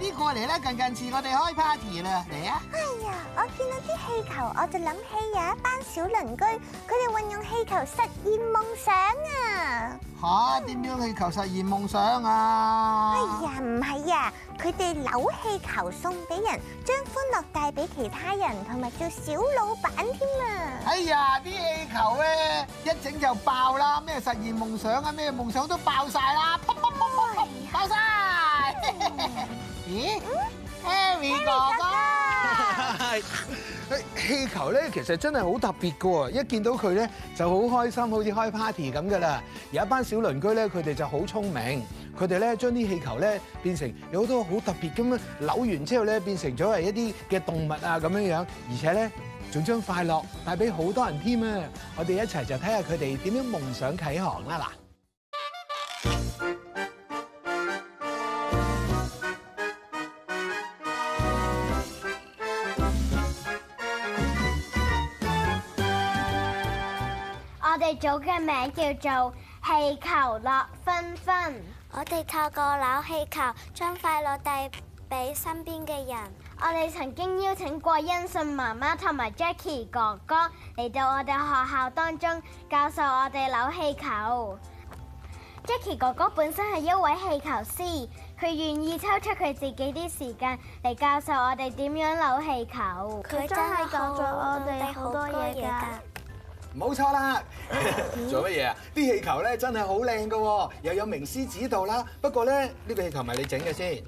啲過嚟啦！近近似我哋開 party 啦，嚟啊！哎呀，我見到啲氣球，我就諗起有一班小鄰居，佢哋運用氣球實現夢想啊！吓？點樣氣球實現夢想啊？哎呀，唔係啊，佢哋扭氣球送俾人，將歡樂帶俾其他人，同埋做小老闆添啊！哎呀，啲氣球咧一整就爆啦，咩實現夢想啊？咩夢想都爆晒啦！咦，Harry 哥哥，氣 球咧其實真係好特別噶喎！一見到佢咧就好開心，好似開 party 咁噶啦。有一班小鄰居咧，佢哋就好聰明，佢哋咧將啲氣球咧變成有好多好特別咁樣扭完之後咧，變成咗係一啲嘅動物啊咁樣樣，而且咧仲將快樂帶俾好多人添啊！我哋一齊就睇下佢哋點樣夢想啟航啦！我哋組嘅名叫做氣球樂紛紛，我哋透過扭氣球將快樂帶俾身邊嘅人。我哋曾經邀請過恩信媽媽同埋 Jackie 哥哥嚟到我哋學校當中教授我哋扭氣球。Jackie 哥哥本身係一位氣球師，佢願意抽出佢自己啲時間嚟教授我哋點樣扭氣球。佢真係教咗我哋好多嘢噶。冇錯啦！ 做乜嘢啊？啲氣球咧真係好靚噶，又有名師指導啦。不過咧，呢、呢個氣球咪你整嘅先，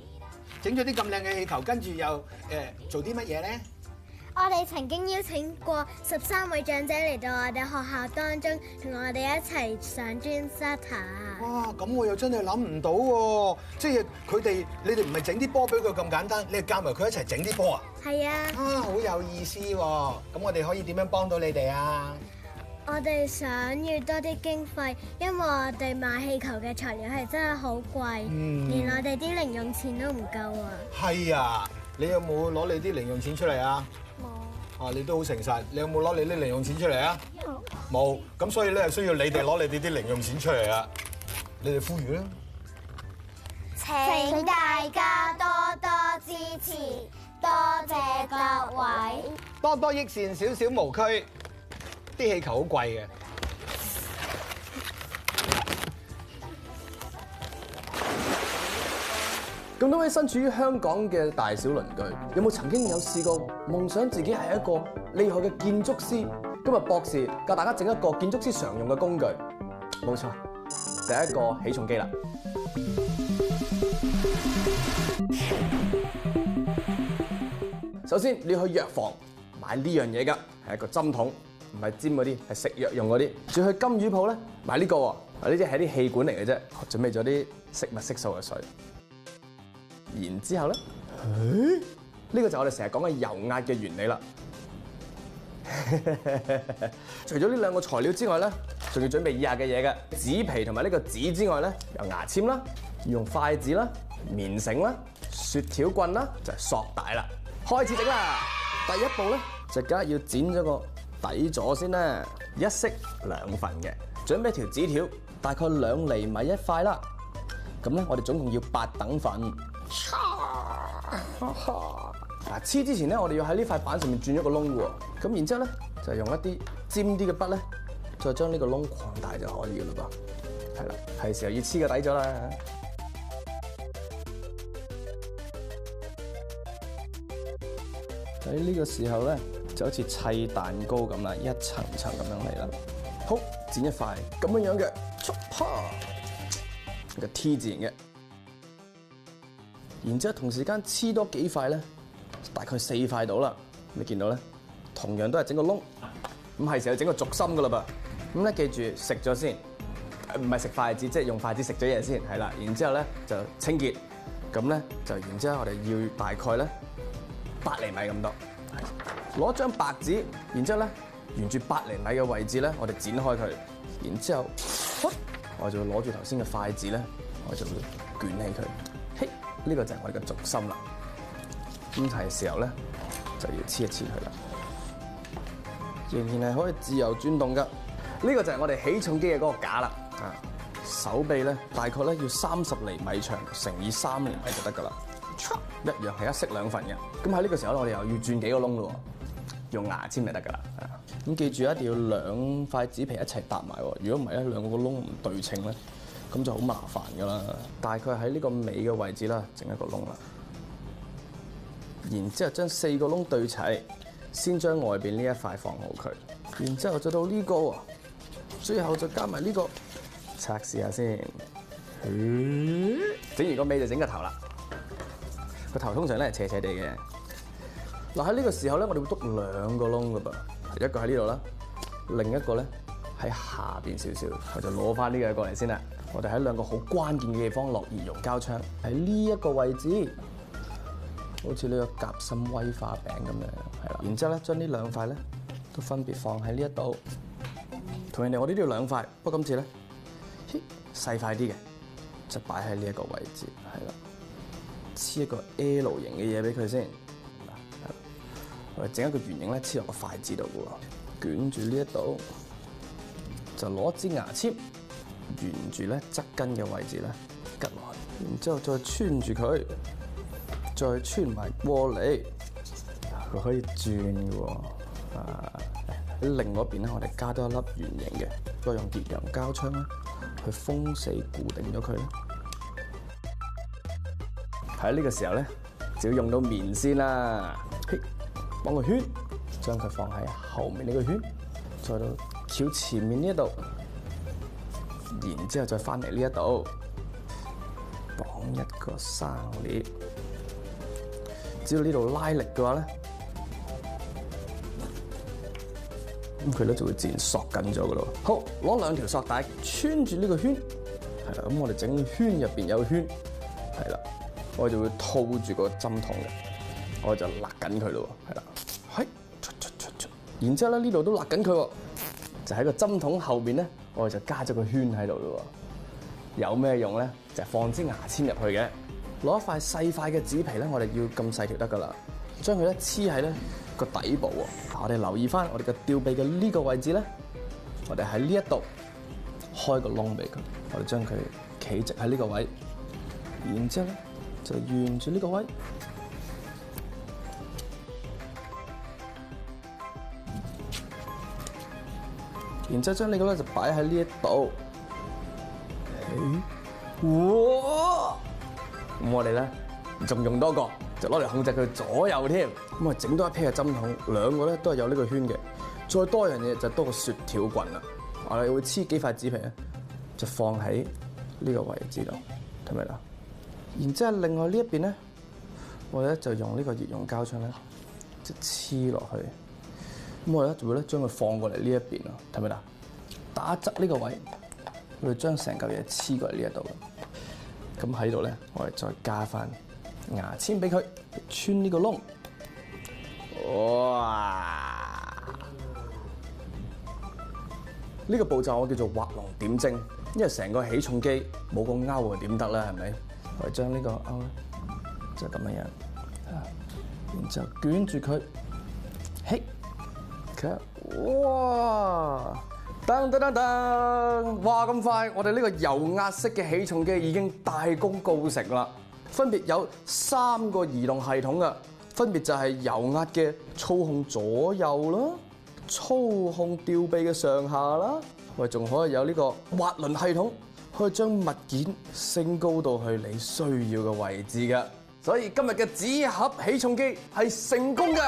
整咗啲咁靚嘅氣球，跟住又誒、呃、做啲乜嘢咧？我哋曾經邀請過十三位長者嚟到我哋學校當中，同我哋一齊上專沙塔。哇！咁我又真係諗唔到喎，即係佢哋你哋唔係整啲波俾佢咁簡單，你係夾埋佢一齊整啲波啊？係啊！啊，好有意思喎、啊！咁我哋可以點樣幫到你哋啊？我哋想要多啲經費，因為我哋買氣球嘅材料係真係好貴，嗯、連我哋啲零用錢都唔夠啊！係啊，你有冇攞你啲零用錢出嚟啊？冇。啊，你都好誠實，你有冇攞你啲零用錢出嚟啊？冇。冇。咁所以咧，需要你哋攞你哋啲零用錢出嚟啊。你哋呼籲啦。請大家多多支持，多謝各位。多多益善，少少唔拘。啲氣球好貴嘅。咁多位身處於香港嘅大小鄰居，有冇曾經有試過夢想自己係一個厲害嘅建築師？今日博士教大家整一個建築師常用嘅工具，冇錯，第一個起重機啦。首先你要去藥房買呢樣嘢㗎，係一個針筒。唔係尖嗰啲，係食藥用嗰啲。仲去金魚鋪咧買呢個喎，啊呢啲係啲氣管嚟嘅啫。準備咗啲食物色素嘅水，然之後咧，呢咦個就係我哋成日講嘅油壓嘅原理啦。 除咗呢兩個材料之外咧，仲要準備以下嘅嘢，嘅紙皮同埋呢個紙之外咧，有牙籤啦，用筷子啦，棉繩啦，雪條棍啦，就係、是、索帶啦。開始整啦！第一步咧，梗係要剪咗個。抵咗先啦，一式兩份嘅，準備一條紙條，大概兩厘米一塊啦。咁咧，我哋總共要八等份。嗱，黐之前咧，我哋要喺呢塊板上面鑽一個窿喎。咁然之後咧，就用一啲尖啲嘅筆咧，再將呢個窿擴大就可以噶啦噃。係啦，係時候要黐個底咗啦。喺呢個時候咧。就好似砌蛋糕咁啦，一層層咁樣嚟啦。好，剪一塊咁樣樣嘅， 個 T 字形嘅。然之後同時間黐多幾塊咧，大概四塊到啦。你見到咧，同樣都係整個窿，咁係時候整個軸心噶啦噃。咁咧，記住食咗先，唔係食筷子，即係用筷子食咗嘢先。係啦，然之後咧就清潔，咁咧就然之後我哋要大概咧八厘米咁多。攞張白紙，然之後咧，沿住八厘米嘅位置咧，我哋剪開佢，然之後，我就攞住頭先嘅筷子咧，我就會捲起佢。嘿，呢個就係我嘅重心啦。咁係嘅時候咧，就要黐一黐佢啦。仍然係可以自由轉動噶。呢個就係我哋起重機嘅嗰個架啦。啊，手臂咧，大概咧要三十厘米長乘以三厘米就得噶啦。一樣係一式兩份嘅。咁喺呢個時候咧，我哋又要轉幾個窿咯。用牙籤就得噶啦，咁、嗯、記住一定要兩塊紙皮一齊搭埋喎。如果唔係咧，兩個窿唔對稱咧，咁就好麻煩噶啦。大概喺呢個尾嘅位置啦，整一個窿啦。然之後將四個窿對齊，先將外邊呢一塊放好佢。然之後再到呢、呢個，最後再加埋呢、呢個，測試下先。整、嗯、完個尾就整個頭啦。個頭通常咧斜斜地嘅。嗱，喺呢個時候咧，我哋會篤兩個窿㗎噃，一個喺呢度啦，另一個咧喺下邊少少，我就攞返呢個過嚟先啦。我哋喺兩個好關鍵嘅地方落熱熔膠槍，喺呢一個位置，好似呢個夾心威化餅咁樣，係啦。然之後咧，將呢兩塊咧都分別放喺呢一度。同人哋我呢度要兩塊，不過今次咧細塊啲嘅，就擺喺呢一個位置，係啦，黐一個 L 型嘅嘢俾佢先。整一個圓形咧，黐落個筷子度嘅喎，捲住呢一度，就攞支牙籤，沿住咧側根嘅位置咧，吉落去，然之後再穿住佢，再穿埋過嚟，佢可以轉嘅喎。啊，喺另嗰邊咧，我哋加多一粒圓形嘅，再用熱油膠槍咧，去封死固定咗佢咧。喺呢個時候咧，就要用到棉先啦。綁個圈，將佢放喺後面呢個圈，再到翹前面呢一度，然之後再翻嚟呢一度，綁一個生鏈，只要呢度拉力嘅話咧，咁佢咧就會自然索緊咗噶咯。好，攞兩條索帶穿住呢個圈，係啦，咁我哋整圈入邊有圈，係啦，我就會套住個針筒嘅，我就勒緊佢咯，係啦。然之後咧，呢度都勒緊佢喎，就喺個針筒後面咧，我哋就加咗個圈喺度咯。有咩用咧？就係、放支牙籤入去嘅。攞一塊細塊嘅紙皮咧，我哋要咁細條得噶啦。將佢咧黐喺咧個底部喎。我哋留意翻我哋嘅吊臂嘅呢個位置咧，我哋喺呢一度開個窿俾佢。我哋將佢企直喺呢個位，然之後咧就沿住呢個位。然之後將你嗰個就擺喺呢一度，誒，哇！咁我哋咧仲用多一個，就攞嚟控制佢左右添。咁啊，整多一批嘅針筒，兩個咧都係有呢個圈嘅。再多一樣嘢就多個雪條棍啦。我哋會黐幾塊紙皮咧，就放喺呢個位置度，明唔明啊？然之後另外這邊呢一邊咧，我咧就用，個熱用膠呢個熱熔膠槍咧，即黐落去。咁我咧就會咧將佢放過嚟呢一邊咯，睇咪啦？打側呢個位，我哋將成嚿嘢黐過嚟呢一度。咁喺度咧，我哋再加翻牙籤俾佢穿呢個窿。哇！呢個步驟我叫做畫龍點睛，因為成個起重機冇個鈎啊，點得啦？係咪？我哋將呢個勾咧就咁樣樣，然之後捲住佢，嘿！哇！噔噔噔噔，哇咁快！我哋呢個油壓式嘅起重機已經大功告成啦。分別有三個移動系統噶，分別就係油壓嘅操控左右啦，操控吊臂嘅上下啦。喂，仲可以有呢個滑輪系統，可以將物件升高到去你需要嘅位置噶。所以今日嘅紙盒起重機係成功噶。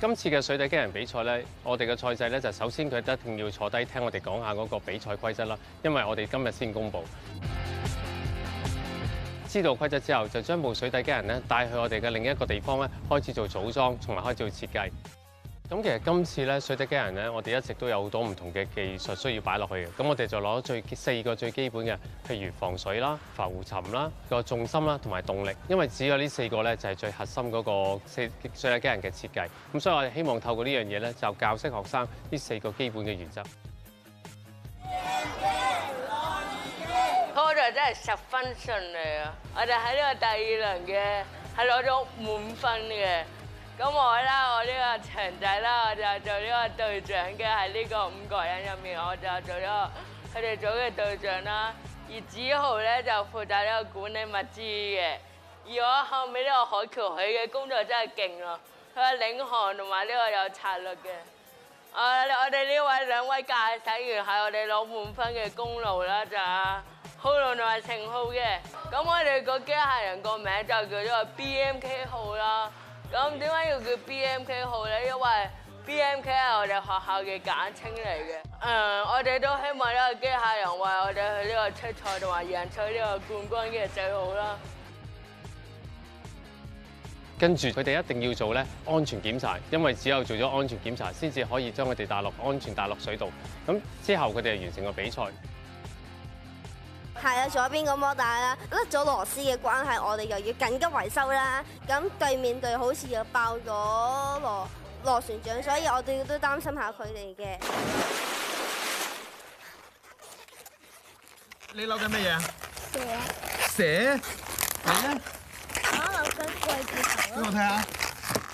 今次嘅水底機人比賽咧，我哋嘅賽制咧就首先佢一定要坐低聽我哋講下嗰個比賽規則啦，因為我哋今日先公布。知道規則之後，就將部水底機人咧帶去我哋嘅另一個地方咧，開始做組裝，同埋開始做設計。咁其實今次咧，水底機人咧，我哋一直都有好多唔同嘅技術需要擺落去嘅。咁我哋就攞咗最四個最基本嘅，譬如防水啦、浮沉啦、個重心啦同埋動力。因為只有呢四個咧，就係最核心嗰個水底機人嘅設計。咁所以我哋希望透過呢樣嘢咧，就教識學生呢四個基本嘅原則。開場真係十分順利啊！我哋喺呢個第二輪嘅，係攞咗滿分嘅。咁我咧，我個場呢個情仔啦，我就做呢個隊長嘅，喺呢個五個人入面，我就做咗佢哋組嘅隊長啦。而子豪咧就負責呢個管理物資嘅。而我後面呢個海橋，佢嘅工作真係勁咯，佢係領航同埋呢個有策略嘅、啊。我們這位兩位是我哋呢位兩位駕駛員係我哋攞滿分嘅功勞啦，就係、啊，浩龍同埋程浩嘅。咁我哋個機械人個名就叫做 B M K 號啦。咁點解要叫 BMK 號咧？因為 BMK 係我哋學校嘅簡稱嚟嘅。誒，我哋都希望呢個機械人為我哋去呢個出賽同埋贏取呢個冠軍嘅最好啦。跟住佢哋一定要做咧安全檢查，因為只有做咗安全檢查，先至可以將佢哋帶落安全帶落水道。咁之後佢哋完成個比賽。係啊，左邊個摩打啦，甩咗螺絲嘅關係，我哋又要緊急維修啦。咁對面隊好似又爆咗螺螺旋槳，所以我哋都擔心下佢哋嘅。你扭緊乜嘢啊？蛇歉。蛇？你咧？我扭緊貴婦俾我睇下，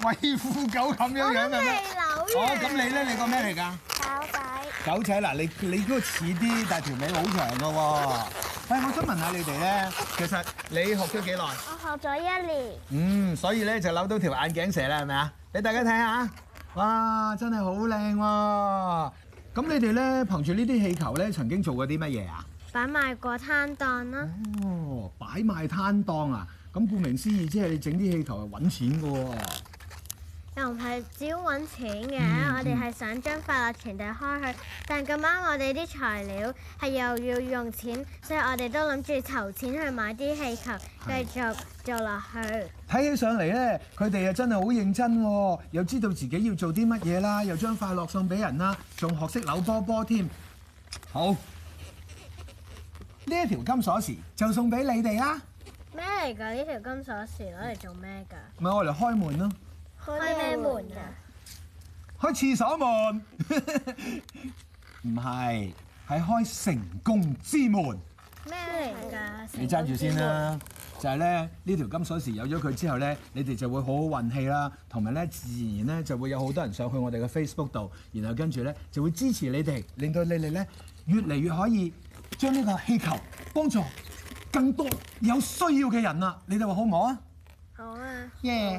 貴婦狗咁樣樣嘅咩？哦，咁你咧？你個咩嚟㗎？狗仔。狗仔嗱，你你嗰個似啲，但係條尾好長嘅喎。哎，我想問下你哋咧，其實你學咗幾耐？我學咗一年。嗯，所以咧就扭到條眼鏡蛇啦，係咪啊？俾大家睇下啊！哇，真係好靚喎！咁你哋咧憑住呢啲氣球咧，曾經做過啲乜嘢啊？擺賣過攤檔啦。哦，擺賣攤檔啊！咁顧名思義，即係你整啲氣球嚟揾錢嘅喎，啊。又唔係只要揾錢嘅，嗯、我哋係想將快樂傳遞開去。但咁啱我哋啲材料係又要用錢，所以我哋都諗住籌錢去買啲氣球，繼續做落去。睇起上嚟咧，佢哋又真係好認真，又知道自己要做啲乜嘢啦，又將快樂送俾人啦，仲學識扭波波添。好，呢一條金鎖匙就送俾你哋啦。咩嚟㗎？呢條金鎖匙攞嚟做咩㗎？咪我嚟開門咯。開咩門啊？開廁所門？唔係，係開成功之門。咩嚟噶？你揸住先啦，就係咧呢條金鎖匙，有咗佢之後咧，你哋就會好好運氣啦，同埋咧自然咧就會有好多人上去我哋嘅 Facebook 度，然後跟住咧就會支持你哋，令到你哋咧越嚟越可以將呢個氣球幫助更多有需要嘅人啊！你哋話好唔好啊？好啊！Yeah. 好啊耶！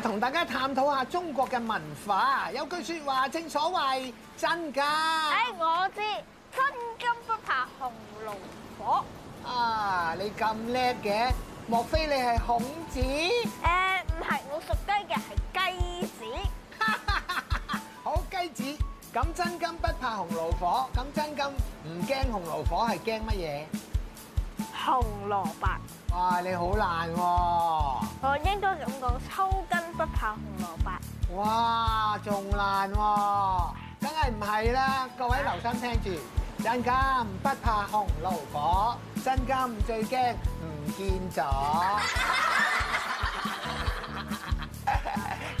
同大家探討下中國嘅文化，有句說話，正所謂真金。哎，我知真金不怕紅爐火。啊，你咁叻嘅，莫非你係孔子？誒，唔係，我熟低嘅係雞子。好雞子，咁真金不怕紅爐火，咁真金唔驚紅爐火，係驚乜嘢？紅蘿蔔。哇，你好爛喎！我應該咁講，抽筋不怕紅蘿蔔。哇，仲爛喎！梗係唔係啦。各位留心聽住，真金不怕紅蘿蔔，真金最驚唔見咗。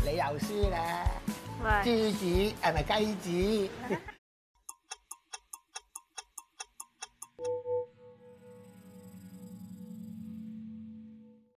你又輸啦！喂豬子係咪雞子？